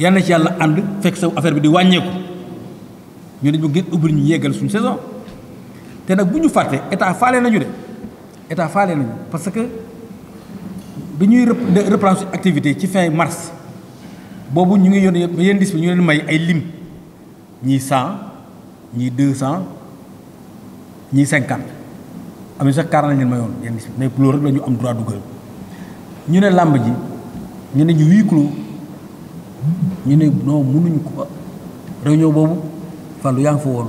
yal na ci yàlla ànd fekk sa affaire bi di wàññeeku ñu ne ñu gën ubbil ñu yeggal suñu saison te nag bu ñu fàtte état faale nañu de état faale nañu parce que bi ñuy reprendre suñu activité ci fin mars boobu ñu ngi yoon yenn dis bi ñu leen may ay lim ñii cent ñii deux cent ñii cinquante am na sax quarante lañ leen mayoon yenn dis bi mais loolu la ñu am droit dugal ñu ne làmb ji ñu ne ñu huis clos ñu ne non mënuñu ko réunion boobu Fallou yaa ngi fa woon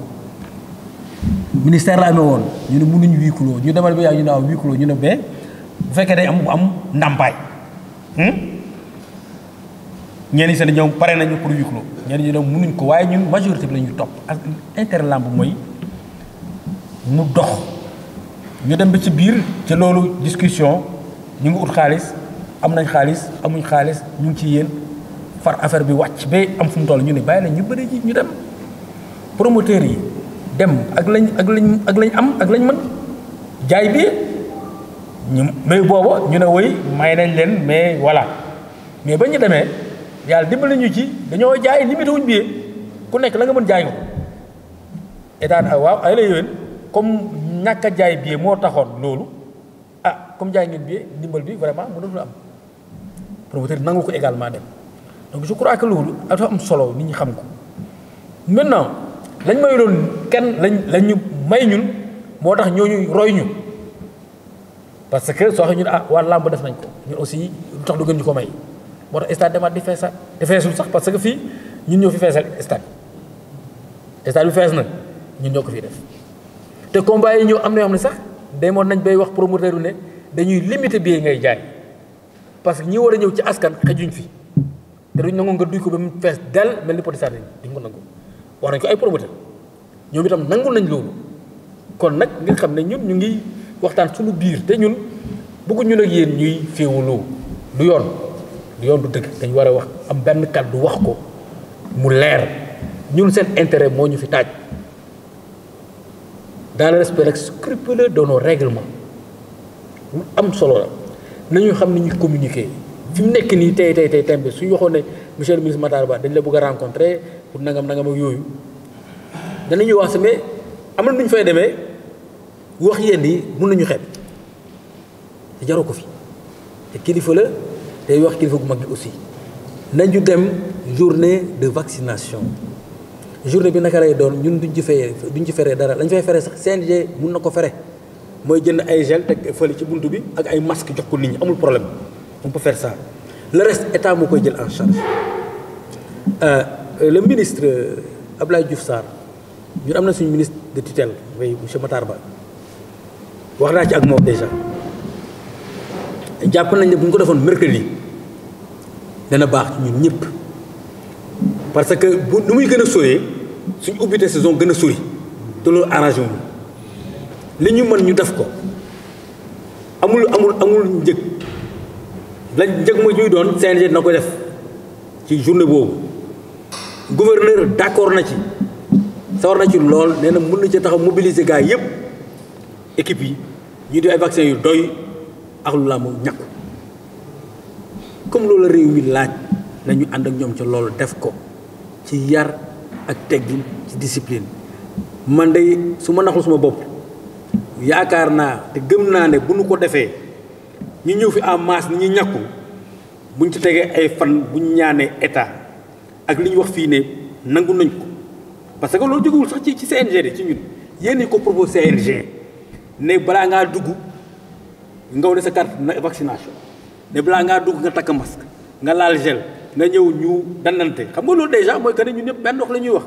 ministère la amee woon ñu ne mënuñu huis ñu demal ba yaa ñu ne waaw huis ñu ne ba bu fekkee day am bu am ndàmpaay hmm? ñenn ñi seen pare nañu pour huis clos ñenn ñi ne mënuñ ko waaye ñun majorité bi la ñu topp ak intérêt lamb mooy mu dox ñu dem ba ci biir ci loolu discussion ñu ngi ut xaalis am nañ xaalis amuñ xaalis ñu ngi ci yéen far affaire bi wàcc ba am fu mu toll ñu ne bàyyi nañ ñu bëri ji ñu dem promoteurs yi dem ak lañ ak lañ ak lañ am ak lañ mën jaay bi ñu mais boobu ñu ne woy may nañ leen mais voilà mais ba ñu demee yàlla dimbali ñu ci dañoo jaay limité wuñ bi ku nekk la nga mën jaay nga ko état ah waaw ay la yowén comme ñàkk a jaay bi moo taxoon loolu ah comme jaay ngeen bi dimbal bi vraiment mënatul am promoteur nangu ko également dem donc je crois que loolu dafa am solo nit ñi xam ko maintenant lañ may doon kenn lañ lañ ñu may ñun moo tax ñooñu roy ñu parce que soo xam ñun ah waa làmb def nañ ko ñun aussi lu tax du gën ñu ko may moo tax stade demaat di feesa di feesul sax parce que fii ñun ñoo fi feesal stade stade bi fees na ñun ñoo ko fii def te combat yi ñëw am na yoo xam ne sax demoon nañ bay wax promoteur bi ne dañuy limité bi ngay jaay parce que ñi war a ñëw ci askan xajuñ fi te duñ nangu nga duy ko ba mu fees dell mel ni poti sardine duñ ko nangu wax nañ ko ay promoteur ñoom itam nangul nañ loolu kon nag nga xam ne ñun ñu ngi waxtaan suñu biir te ñun bëggu ñu ak yéen ñuy féewaloo lu yoon du yoon du dëgg dañ war a wax am benn kàddu wax ko mu leer ñun seen intérêt moo ñu fi taaj dans le respect rek scrupuleux de nos règlements am solo la nañu xam ni ñu communiquer fi mu nekk nii tey tey tey tembe suñu waxoon ne monsieur le ministre Matar Ba dañ la bëgg a rencontrer pour nangam nangam ak yooyu danañuy wax si mais am na nu ñu fay demee wax yenn yi mun nañu xeeb te jaroo ko fi te kilifa la tey wax kilifa gu mag gi aussi nañu dem journée de vaccination journée bi naka lay doon ñun duñ ci fayee duñ ci feree dara lañ fay feree sax CNG mun na ko fere mooy jënd ay gel teg fële ci bunt bi ak ay masque jox ko nit ñi amul problème on peut faire ça le reste état moo koy jël en charge euh, le ministre euh, Abdoulaye Diouf Sarr ñun am na suñu ministre de tutelle mooy monsieur Matar Ba wax naa ci ak moom déjà jàpp nañ ne bu ñu ko defoon mercredi dana baax ñun ñëpp parce que bu nu muy gën a sóoree suñu ubbite saison gën a sori te loolu arrangement li ñu mën ñu def ko amul amul amul njëg. lañ jëg ma ñuy doon CNG na ko def ci journée boobu gouverneur d'accord na ci sawar na ci lool nee na mën na ci taxaw mobilise gars yëpp équipe yi ñu di ay vaccin yu doy ak lu laa moom ñàkk comme loolu réew mi laaj nañu ànd ak ñoom ca loolu def ko ci yar ak teggin ci discipline man de su ma naxul suma bopp yaakaar naa te gëm naa ne bu nu ko defee ñu ñëw fi en masse ni ñu ñàkku buñ ci tegee ay fan buñ ñaanee état ak li ñu wax fii ne nangu nañ ko parce que loolu jógewul sax ci ci CNG de ci ñun yéen ñi ko proposé CNG ne balaa ngaa dugg nga wane sa carte na vaccination ne balaa ngaa dugg nga takk masque nga laal gel nga ñëw ñu dandante xam nga loolu déjà mooy que ñun ñëpp benn wax la ñuy wax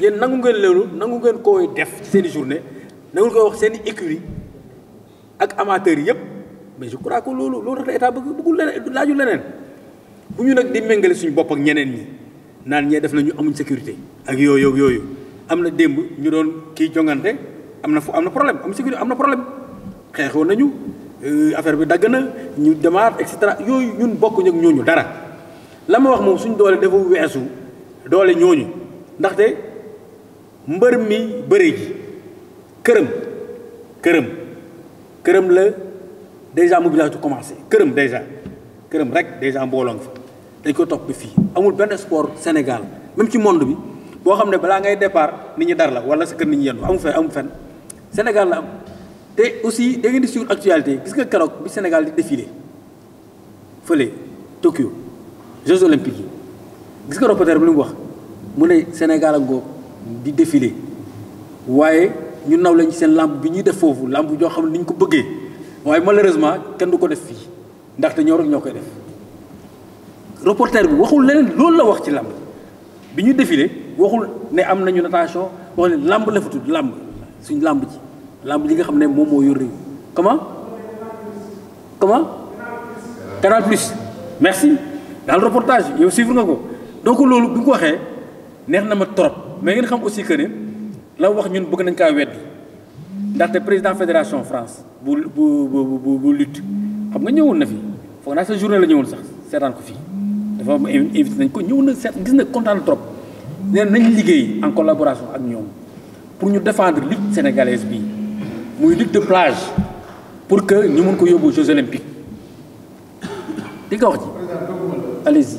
yéen nangu ngeen loolu nangu ngeen koy def ci seen i journée nangu koy wax seen i écurie ak amateurs yëpp. mais je crois loolu loolu tax état bëgg bëggul leneen laaju leneen bu ñu nag di méngale suñu bopp ak ñeneen ñi naan ñee def na ñu amuñ sécurité ak yooyu yooyu am na démb ñu doon kii jongante am na fu am na problème am sécurité am na problème xeexoon nañu euh, affaire bi dagg na ñu demaat et cetera yooyu ñun bokkuñ ak ñooñu dara la ma wax moom suñ doole dafa weesu doole ñooñu ndaxte mbër mi bëri ji këram këram këram la déjà mobilisation commencé këram déjà këram rek déjà mbooloo nga dañ ko topp fii amul benn sport Sénégal même ci monde bi boo xam ne balaa ngay départ nit ñi dar la wala sa kër nit ñi yendu amu fen amu fen Sénégal am aussi da actualité gis nga keroog bi Sénégal di défilé fële gis nga reporter wax mu ne Sénégal ak ngoo waaye ñu naw lañ seen lamb bi ñuy def foofu lamb joo xam ne ni ñu ko bëggee waaye malheureusement kenn du ko def fii ndaxte ñoo rek ñoo koy def reporter bi waxul leneen loolu la wax ci làmb bi ñu défilé waxul ne am nañu natation wax ne làmb la fa làmb suñ làmb ji làmb ji nga xam ne moom moo yor réew comment comment Canal Plus merci dans le reportage yow suivre nga ko donc loolu bi nga ko waxee neex na ma trop mais ngeen xam aussi que ne la wax ñun bëgg nañ kaa weddi ndaxte président fédération France bu bu bu bu lutte xam nga ñëwoon na fi foog naa sa journée la ñëwoon sax seetaan ko fii dafa am invité nañ ko ñëw na seet gis na kontaan trop nee nañ liggéey en collaboration ak ñoom pour ñu défendre lutte sénégalaise bi muy lutte de plage pour que ñu mun ko yóbbu Jeux olympiques di nga wax ci. allez-y.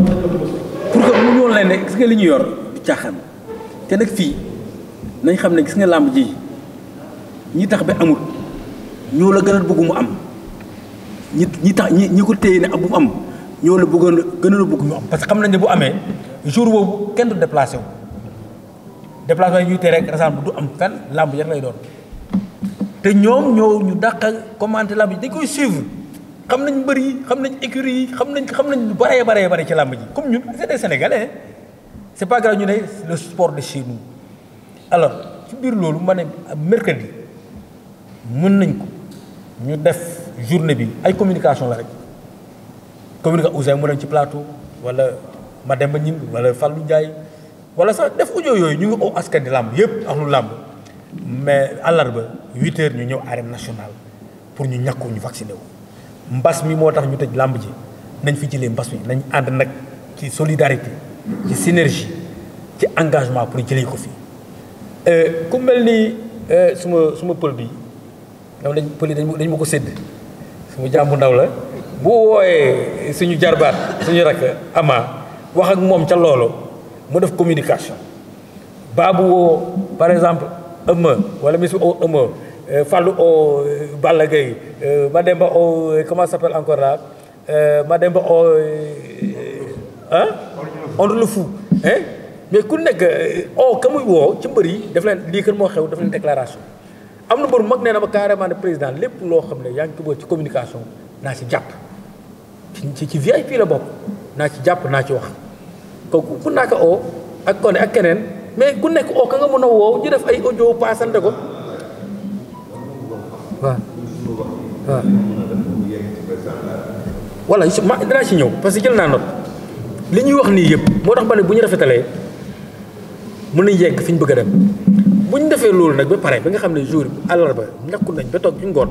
wane ne gis nga li ñu yor du caaxaan te nag fii nañ xam ne gis nga làmb ji ñi tax bi amut ñoo la gënal a bëgg mu am ñi ñi tax ñi ñi ko téye ne bu am ñoo la bëggoon gën a bëgg mu am. parce que xam nañ bu amee jour boobu kenn du déplacé wu déplacement yi ñuy téye rek rassemble du am fenn làmb ji lay doon te ñoom ñoo ñu dàq commenté làmb ji dañ koy suivre. xam nañ mbër yi xam nañ écurie yi xam nañ xam nañ lu baree baree bare ci làmb ji comme ñu c'est des sénégalais c'est pas grave ñu ne le sport de chez alors ci biir loolu ma ne mercredi mën nañ ko ñu def journée bi ay communication la rek communication Ousseyn mu dem ci plateau wala ba Gningue wala Fallou njaay wala sax def audio yooyu ñu ngi aw askan di làmb yëpp ak lu làmb mais àllarba huit heures ñu ñëw arène national pour ñu ñàkku ñu vacciné wu. mbas mi moo tax ñu tëj làmb ji nañ fi jëlee mbas mi nañ ànd nag ci solidarité. ci synergie ci engagement pour jëlee ko fi euh, ku mel ni euh, suma suma pël bi ñoom dañ pël yi dañ ma ko sédd suma jàmbu ndaw la bu wooyee suñu jarbaat suñu rakk ama wax ak moom ca loolu mu def communication baabu woo par exemple ëmma wala mis o ëmma Fallou o euh, Balla Gaye Mademba o comment s'appelle encore là Mademba o ah on le fou hein mais ku nekk euh, oo oh, ka muy woo ci mbër yi daf leen lii kër moo xew daf leen déclaration am na mbër mag nee na ma carrément ne président lépp loo xam ne yaa ngi ko ci communication naa ci jàpp ci ci VIP la bokk naa ci jàpp naa ci wax kooku ku naka oo oh, ak kone ak keneen mais ku nekk o oh, ka nga mën a woow ñu def ay audio paasante ko waaw waaw ma dinaa ci ñëw parce que jël naa note li ñuy wax nii yëpp moo tax ba ne bu ñu rafetalee mun nañ yegg fi ñu bëgg a dem bu ñu defee loolu nag ba pare ba nga xam ne jour ba ñàkkul nañ ba toog ci ngoon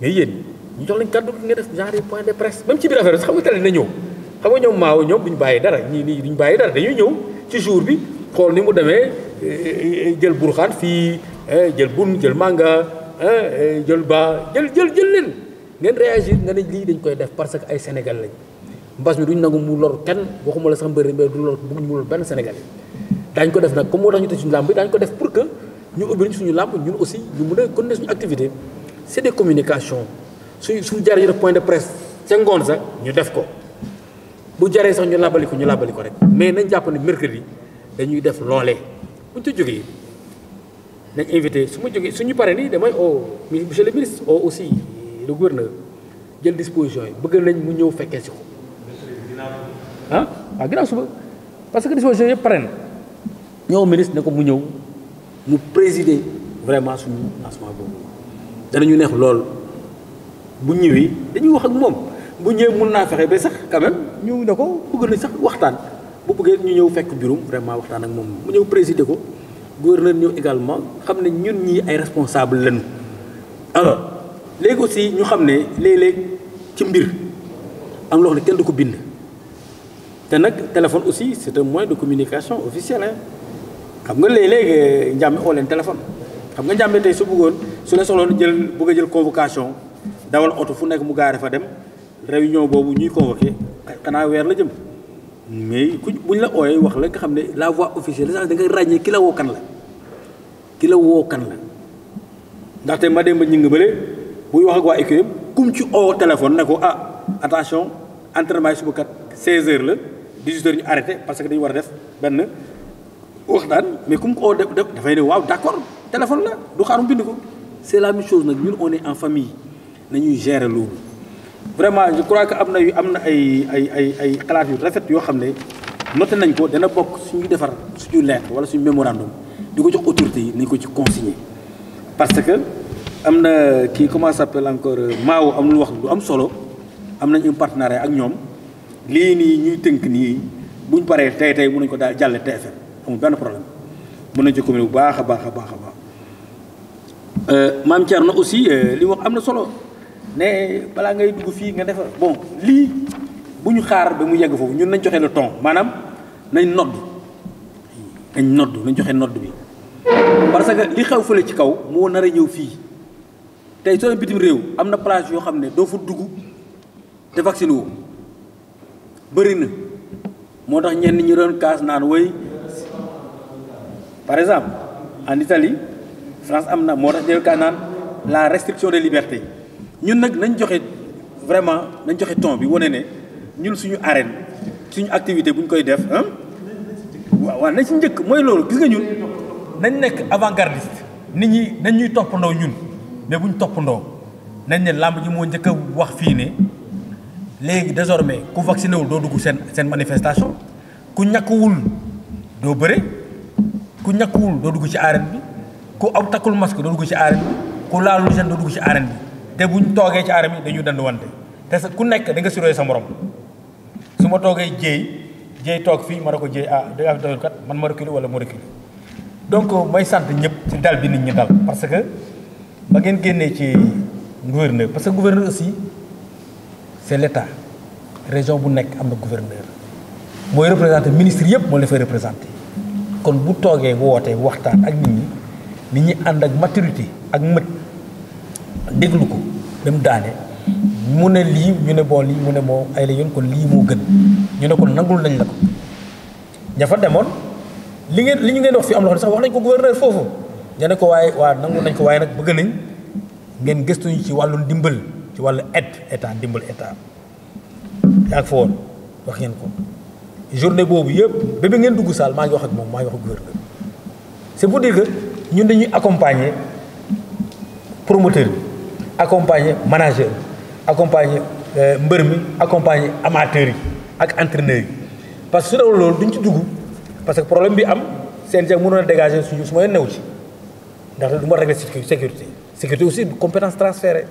mais yéen ñu jox lañ kàddu gi nga def genre point de presse même ci biir affaire xam nga télé dina ñëw xam nga ñoom maaw ñoom duñ bàyyi dara ñii nii duñ bàyyi dara dañuy ñëw ci jour bi xool ni mu demee eh, jël burxaan fii eh, jël bun jël manga eh, jël ba jël jël jël leen ngeen réagir nga ne lii dañ koy def parce que ay Sénégal lañ mbas mi duñ nangu mu lor kenn waxuma la sax mbëri mais du lor bëgguñ mu lor benn Sénégalais daañ ko def nag comme moo tax ñu tëj suñu làmb bi dañ ko def pour que ñu ubbi suñu làmb ñun aussi ñu mën a continuer suñu activité c' est des communications suñ suñu jaree ñu def de presse ca ngoon sax ñu def ko bu jaree sax ñu làbbali ko ñu làbbali ko rek mais nañ jàpp ne dañuy def loolee buñ ci jógee nañ invité su ma jógee suñu paree nii damay oo monsieur le ministre oo aussi le gouverneur jël disposition yi bëgg nañ mu ñëw fekkee si ko ah waaw ginnaaw suba parce que dispositions yëpp pare na ñoo ministre ne ko mu ñëw mu présider vraiment suñu lancement boobu dana danañu neex lool bu ñëwee dañuy wax ak moom bu ñëwee mun naa fexe ba sax quand même ñu ne ko bëgg nañ sax waxtaan bu bëggee ñu ñëw fekk bureau vraiment waxtaan ak moom mu ñëw présider ko gouverneur ñëw également xam ne ñun ñii ay responsable lañu alors ah, léegi aussi ñu xam ne léeg-léeg ci mbir am loo xam ne kenn du ko bind te nag téléphone aussi c' est un moyen de communication officiel hein xam nga léeg-léeg euh, njàmbe oo téléphone xam nga njàmbe tey su bëggoon su la soxloon jël bëgg a jël convocation dawal oto fu nekk mu gaare fa dem réunion boobu ñuy convoqué xanaa weer la jëm mais ku buñ la ooyee wax la nga xam ne la voix officielle da nga ràññee ki la kan la ki la kan la ndaxte ma dem ba ñu ngi bële buy wax ak waa équipe kum ci oo téléphone ne ko ah attention entraînement yi suba kat la. 18 heures ñu arrêté parce que dañu war a def benn wax waxtaan mais comme ko def dafay ne waaw d'accord téléphone la du xaarum bind ko c'est la même chose nag ñun on en famille nañuy gérer loolu vraiment je crois que am na yu am na ay ay ay ay xalaat yu rafet yoo xam ne noté nañ ko dana bokk suñu defar suñu lettre wala suñu mémorandum di ko jox autorité yi nañ ko ci consigner parce que am na kii comment s'appelle encore Maaw am lu wax lu am solo am nañ un ak ñoom lii nii ñuy tënk nii buñ paree tey tey mun nañ ko daal jàlle TFM amul benn problème mën nañu ci commune bu baax a baax a baax a baax euh, maam na aussi euh, li wax am na solo ne balaa ngay dugg fii nga defar bon lii bu ñu xaar ba mu yegg foofu ñun nañ joxe le tong maanaam nañ nodd nañ nodd nañ joxe nodd bi parce que li xew fële ci kaw moo nar ñëw fii tey soo bitim réew am na place yoo xam ne doo fa dugg te vacciné woo bëri na moo tax ñenn ñi doon kaas naan woy par exemple en Italie France am na moo tax ñi naan la restriction des libertés ñun nag nañ joxe vraiment nañ joxe ton bi wane ne ñun suñu arène suñu activité buñ koy def ah waaw waaw na ci njëkk mooy loolu gis nga ñun nañ nekk avant-gardiste nit ñi nañ ñuy toppandoo ñun mais buñ toppandoo nañ ne làmb ji moo njëkk wax fii ne léegi désormais ku vacciné doo dugg seen seen manifestation ku ñàkkuwul doo bëre ku ñàkkuwul doo dugg ci arène bi ku aw takkul masque doo dugg ci arène bi ku laalul seen doo dugg ci arène bi te buñ toogee ci arène bi dañuy dand wante te sa ku nekk da nga suree sa morom su ma toogee jéey jéey toog fii ma ne ko jéey ah da ngaa kat man ma reculer wala ma reculer donc may sant ñëpp ci dal bi nit ñi dal parce que ba ngeen génnee ci gouverneur parce que gouverneur aussi. c'est l'État région bu nekk am na gouverneur mooy représenté ministre yëpp moo la fay représenté kon bu toogee wootee waxtaan ak nit ñi nit ànd ak maturité ak mët déglu ko dem daane mu ne lii ñu ne bon lii mu ne moo ay la yoon ko lii moo gën ñu ne kon nangul nañ la ko ña demoon li ngeen li ñu ngeen wax fi am loxo sax wax nañ ko gouverneur foofu ña ne ko waaye waa nangul nañ ko waaye nag bëgg nañ ngeen gëstuñu ci wàllu ndimbal ci wàllu aide état ndimbal état yaa foo woon wax ngeen ko journée boobu yëpp ba bi ngeen dugg saal maa ngi wax ak moom maa ngi wax ak gouverneur c'est pour dire que ñun dañuy accompagner promoteur bi accompagner manager bi accompagner euh, mbër mi accompagner amateur yi ak entraîneur yi parce que su dawul loolu duñ ci dugg parce que problème bi am CNG mënoon a dégager suñu su ma yoon new ci ndax du ma régler sécurité sécurité aussi compétence transférée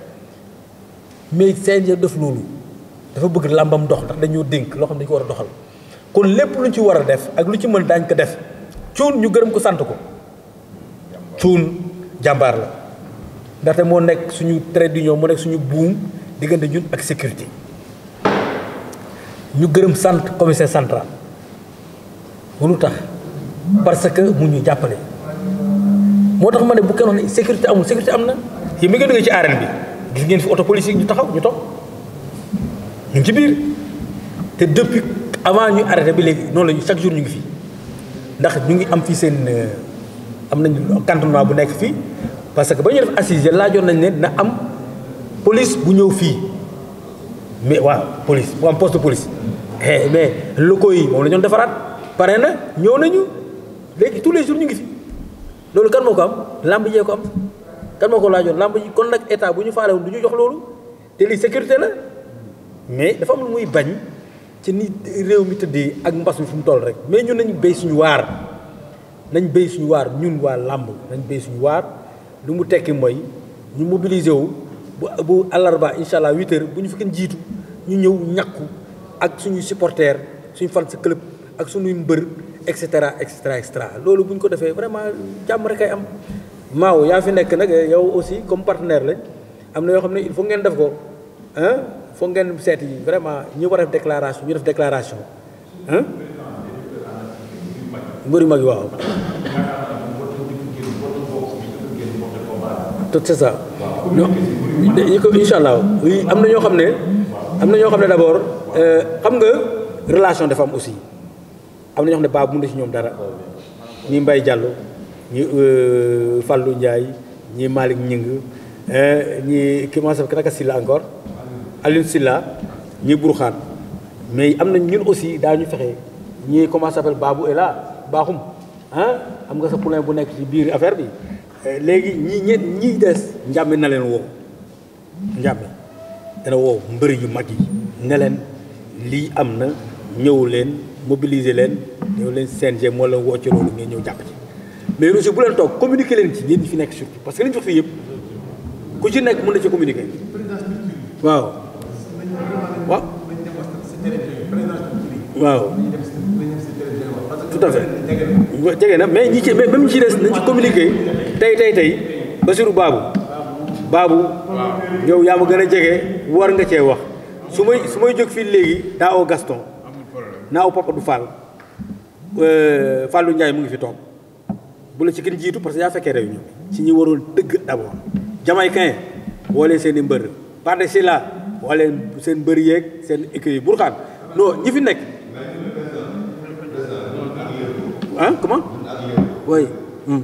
mais CNG def loolu dafa bëgg làmbam dox ndax dañoo dénk loo xam dañu ko war a doxal kon lépp lu ñu ci war a def ak lu ci mën daañ ko def cuun ñu gërëm ko sant ko cuun jàmbaar la ndaxte moo nekk suñu trait d'union moo nekk suñu buum diggante ñun ak sécurité ñu gërëm sant commissaire central lu tax parce que mu ñu jàppale moo tax ma ne bu kenn wax ne sécurité amul sécurité am na yéen mi ngi duggee ci arène bi gis ngeen fi oto police yi ñu taxaw ñu toog ñu ngi ci biir te depuis avant ñu arrêté bi léegi noonu la chaque jour ñu ngi fi ndax ñu ngi am fii seen euh, am nañu cantonnement bu nekk fii parce que ba ñu def assise laajoon nañ ne dina am police bu ñëw fii mais waaw police bu am poste de police eh, mais locaux yi moom la ñoon defaraat pare na ñëw nañu léegi tous les jours ñu ngi fi loolu kan moo ko am làmb jee ko am kan ma ko laajoon làmb ji kon nag état bu ñu faale woon ñu jox loolu te lii sécurité la mais dafa am lu muy bañ ci ni réew mi tëddee ak mbas mi fu mu toll rek mais ñun nañu béy suñu waar nañ béy suñu waar ñun waa làmb nañ béy suñu waar lu mu tekki mooy ñu mobiliser wu bu bu àllarba incha allah huit heures bu ñu fi kenn jiitu ñu ñëw ñàkku ak suñuy supporters suñu fan sa club ak suñuy mbër et cetera et cetera et cetera loolu bu ñu ko defee vraiment jàmm rek ay am. maaw yaa fi nekk nag yow aussi comme partenaire lañ am na yoo xam ne il foog ngeen def ko ah faut ngeen seet yi vraiment ñi war a def déclaration ñu def déclaration ah. mbëri mag yi am na ñoo xam ne. am na ñoo xam ne d'abord euh, xam nga relation dafa am aussi am na ñoo xam ne baabu mun na ci ñoom dara ñi mbay jàll ñi euh, Fallou Ndiaye ñi Malick Ñing ñi ki ma naka Silla encore Alioune Silla ñi Burxaan mais am nañ ñun aussi ñu fexe ñi comment s'appelle Babou ella baaxum ah am nga sa poulain bu nekk ci biir affaire bi euh, léegi ñi ñet ñi des njàmmi na leen woow njàmmi dana woow mbëri yu mag yi ne leen lii am na ñëw leen mobiliser leen ñëw leen CNG moo leen woo ci loolu ngeen ñëw jàpp ci mais Roger bu leen toog communiquer leen ci yéen ñi fi nekk surtout parce que li ñu wax fii yëpp ku ci nekk mën na ci communiquer waaw. waaw. waaw. tout à fait. jege na mais ñi ci mais même ñi ci des nañ ci communiquer tey tey tey Bassirou baabu Babou. yow yaa ma gën a jege war nga cee wax su may su may jóg fii léegi daa oo Gaston naa oo Papa du Fall euh, Fallou Ndiaye mu ngi fi toog. bu la ci kenn jiitu parce que yaa fekkee réunion si ñu waroon dëgg d'abord jamaïcain woolee seen i mbër Parde Sila woolee seen mbër yeeg seen écurie Bourkhane non ñi fi nekk ah comment oui hmm.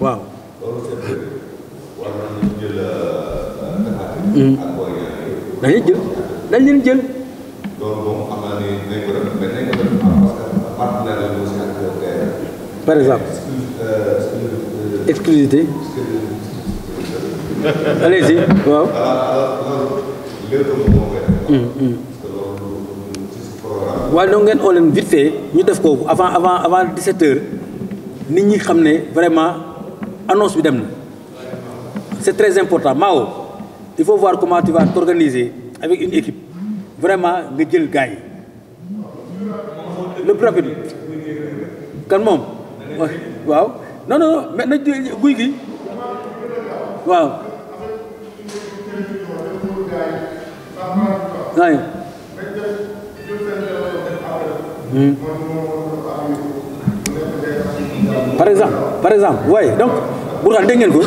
waaw hmm. jël dañ leen jël partenariat par exemple. Euh, exclusivité. allez-y waaw. Mm, mm. waaye donc ngeen oo leen vite fait ñu def ko avant avant avant 17h nit ñi xam ne vraiment annonce bi dem na c'est très important Mao il faut voir comment tu vas t'organiser avec une équipe vraiment nga jël gars yi le brocoli kan moom waaw non non non na guy gi waaw ay hmm. par exemple par exemple waaye donc Bourkhane dégg ngeen ko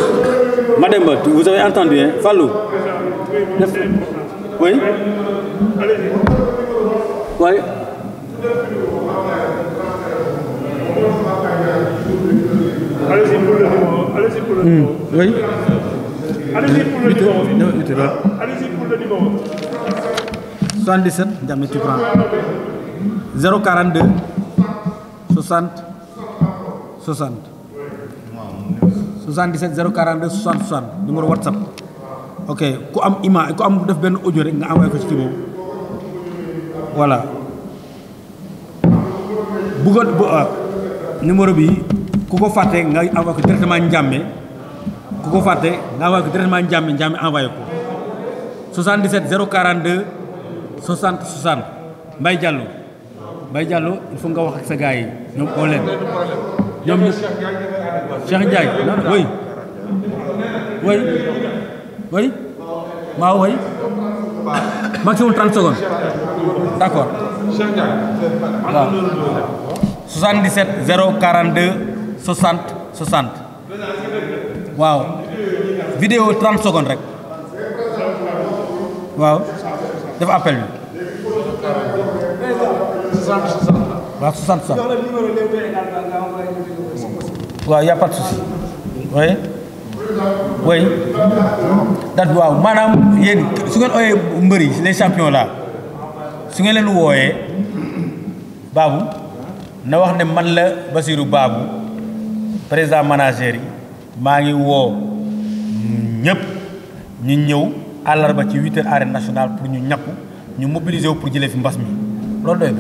Mademba vous avez entendu hein Fallou oui Allez-y pour le numéro. Allez-y pour le hmm. numéro. Oui. Allez-y pour le numéro. Allez-y pour le numéro. 77, jamais tu prends. 042 60 60. 77 042 60 60 numéro WhatsApp. ok ku am image ku am def benn audio rek nga envoyé ko ci kii boobu voilà. bëggoon bu ah, numéro bi. ku ko fàtte nga envoyé ko directement Ndiamé ku ko fàtte nga envoyé ko ko 77 042 60 60 Mbaye Diallo Mbaye Diallo il faut nga wax ak sa gars yi ñoom oo leen ñoom ñu Cheikh Ndiaye oui oui oui waaw oui maximum 30 secondes d'accord waaw 77 60 60 waaw vidéo 30 secondes rek waaw def appel bi waaw 60 60 waaw y a pas de souci oui oui waaw maanaam yéen su ngeen ooyee mbëri les champions là su ngeen leen wooyee Babou na wax ne man la Basirou Babou président manager yi maa ngi woo ñëpp ñu ñëw àllarba ci huit heures arène pour ñu ñàkku ñu mobiliser pour jëlee fi mbas mi loolu doy na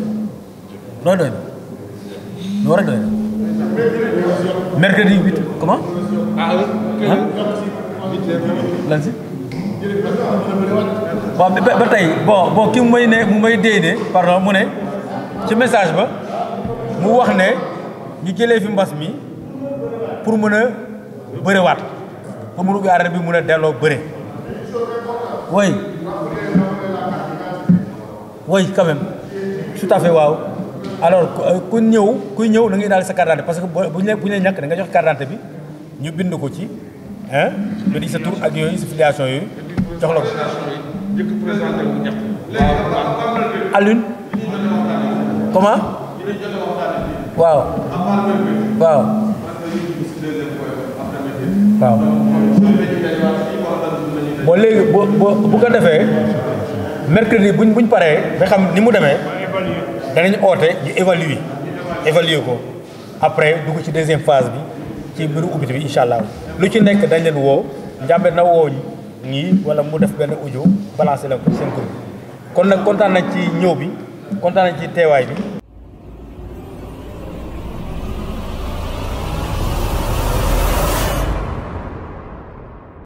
loolu doy na loolu rek doy na mercredi huit comment. ah ba tey bon bon ki mu may ne mu may dee ne pardon mu ne ci message ba mu wax ne ñu jëlee fi mbas mi. pour mën a bëriwaat pour mën ubbi arène bi mën a delloo bëri oui oui quand même tout à fait waaw alors ku euh, ñëw kuy ñëw na nga indaale sa carte parce que bu la buñ la ñàkk da nga jox carte bi ñu bind ko ci ah ñu di sa tur ak yooyu sa filiation yooyu jox la ko. Alune comment waaw waaw. waaw bon léegi bu bu bu ko defee mercredi buñ buñ paree ba xam ni mu demee danañ oote ñu évaluer évaluer ko après dugg ci deuxième phase bi ci mbiru ubbite bi incha allah lu ci nekk dañ leen woo njàmbe na woo ñii wala mu def benn audio balancé la ko seen groupe kon nag kontaan nañ ci ñëw bi kontaan nañ ci teewaay bi